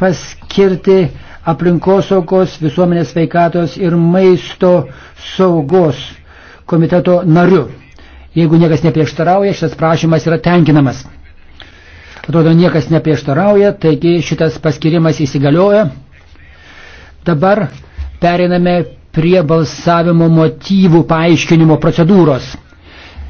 paskirti aplinkosaugos, visuomenės veikatos ir maisto saugos komiteto nariu. Jeigu niekas neprieštarauja, šitas prašymas yra tenkinamas. Atrodo, niekas neprieštarauja, taigi šitas paskirimas įsigalioja. Dabar periname prie balsavimo motyvų paaiškinimo procedūros.